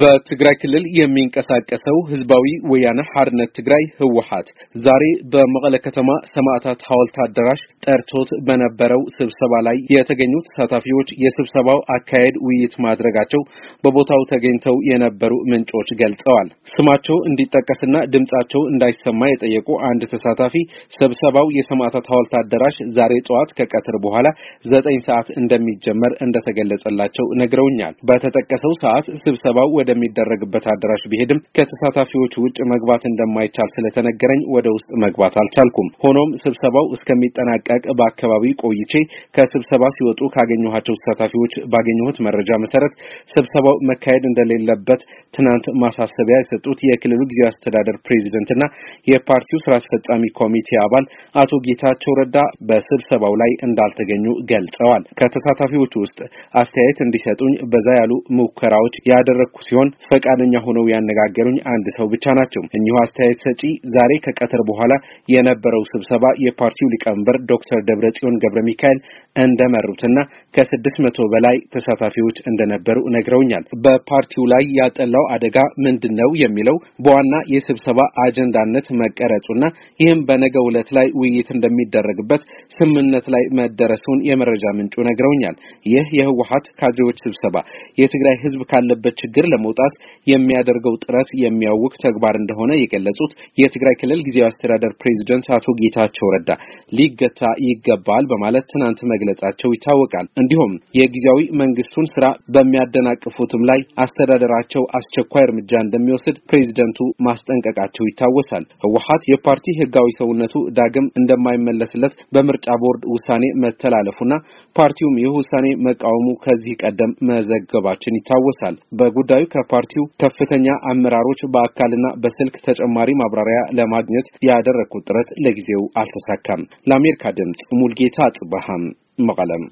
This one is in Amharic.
በትግራይ ክልል የሚንቀሳቀሰው ህዝባዊ ወያነ ሐርነት ትግራይ ህወሓት ዛሬ በመቀለ ከተማ ሰማዕታት ሐውልት አዳራሽ ጠርቶት በነበረው ስብሰባ ላይ የተገኙ ተሳታፊዎች የስብሰባው አካሄድ ውይይት ማድረጋቸው በቦታው ተገኝተው የነበሩ ምንጮች ገልጸዋል። ስማቸው እንዲጠቀስና ድምጻቸው እንዳይሰማ የጠየቁ አንድ ተሳታፊ ስብሰባው የሰማዕታት ሐውልት አዳራሽ ዛሬ ጠዋት ከቀትር በኋላ ዘጠኝ ሰዓት እንደሚጀመር እንደተገለጸላቸው ነግረውኛል። በተጠቀሰው ሰዓት ስብሰባው ወደሚደረግበት አዳራሽ ቢሄድም ከተሳታፊዎች ውጭ መግባት እንደማይቻል ስለተነገረኝ ወደ ውስጥ መግባት አልቻልኩም። ሆኖም ስብሰባው እስከሚጠናቀቅ በአካባቢ ቆይቼ ከስብሰባ ሲወጡ ካገኘኋቸው ተሳታፊዎች ባገኘሁት መረጃ መሰረት ስብሰባው መካሄድ እንደሌለበት ትናንት ማሳሰቢያ የሰጡት የክልሉ ጊዜያዊ አስተዳደር ፕሬዚደንትና የፓርቲው ስራ አስፈጻሚ ኮሚቴ አባል አቶ ጌታቸው ረዳ በስብሰባው ላይ እንዳልተገኙ ገልጸዋል። ከተሳታፊዎች ውስጥ አስተያየት እንዲሰጡኝ በዛ ያሉ ሙከራዎች ያደረግኩ ሲሆን ሲሆን ፈቃደኛ ሆነው ያነጋገሩኝ አንድ ሰው ብቻ ናቸው። እኚሁ አስተያየት ሰጪ ዛሬ ከቀትር በኋላ የነበረው ስብሰባ የፓርቲው ሊቀመንበር ዶክተር ደብረጽዮን ገብረ ሚካኤል እንደመሩትና ከስድስት መቶ በላይ ተሳታፊዎች እንደነበሩ ነግረውኛል። በፓርቲው ላይ ያጠላው አደጋ ምንድን ነው የሚለው በዋና የስብሰባ አጀንዳነት መቀረጹና ይህም በነገ ዕለት ላይ ውይይት እንደሚደረግበት ስምምነት ላይ መደረሱን የመረጃ ምንጩ ነግረውኛል። ይህ የህወሀት ካድሬዎች ስብሰባ የትግራይ ህዝብ ካለበት ችግር ለመ ለመውጣት የሚያደርገው ጥረት የሚያውቅ ተግባር እንደሆነ የገለጹት የትግራይ ክልል ጊዜያዊ አስተዳደር ፕሬዚደንት አቶ ጌታቸው ረዳ ሊገታ ይገባል በማለት ትናንት መግለጻቸው ይታወቃል። እንዲሁም የጊዜያዊ መንግስቱን ስራ በሚያደናቅፉትም ላይ አስተዳደራቸው አስቸኳይ እርምጃ እንደሚወስድ ፕሬዚደንቱ ማስጠንቀቃቸው ይታወሳል። ህወሀት የፓርቲ ህጋዊ ሰውነቱ ዳግም እንደማይመለስለት በምርጫ ቦርድ ውሳኔ መተላለፉና ፓርቲውም ይህ ውሳኔ መቃወሙ ከዚህ ቀደም መዘገባችን ይታወሳል። በጉዳዩ ከፓርቲው ከፍተኛ አመራሮች በአካልና በስልክ ተጨማሪ ማብራሪያ ለማግኘት ያደረግኩት ጥረት ለጊዜው አልተሳካም። ለአሜሪካ ድምፅ ሙልጌታ ጽባሃም መቀለም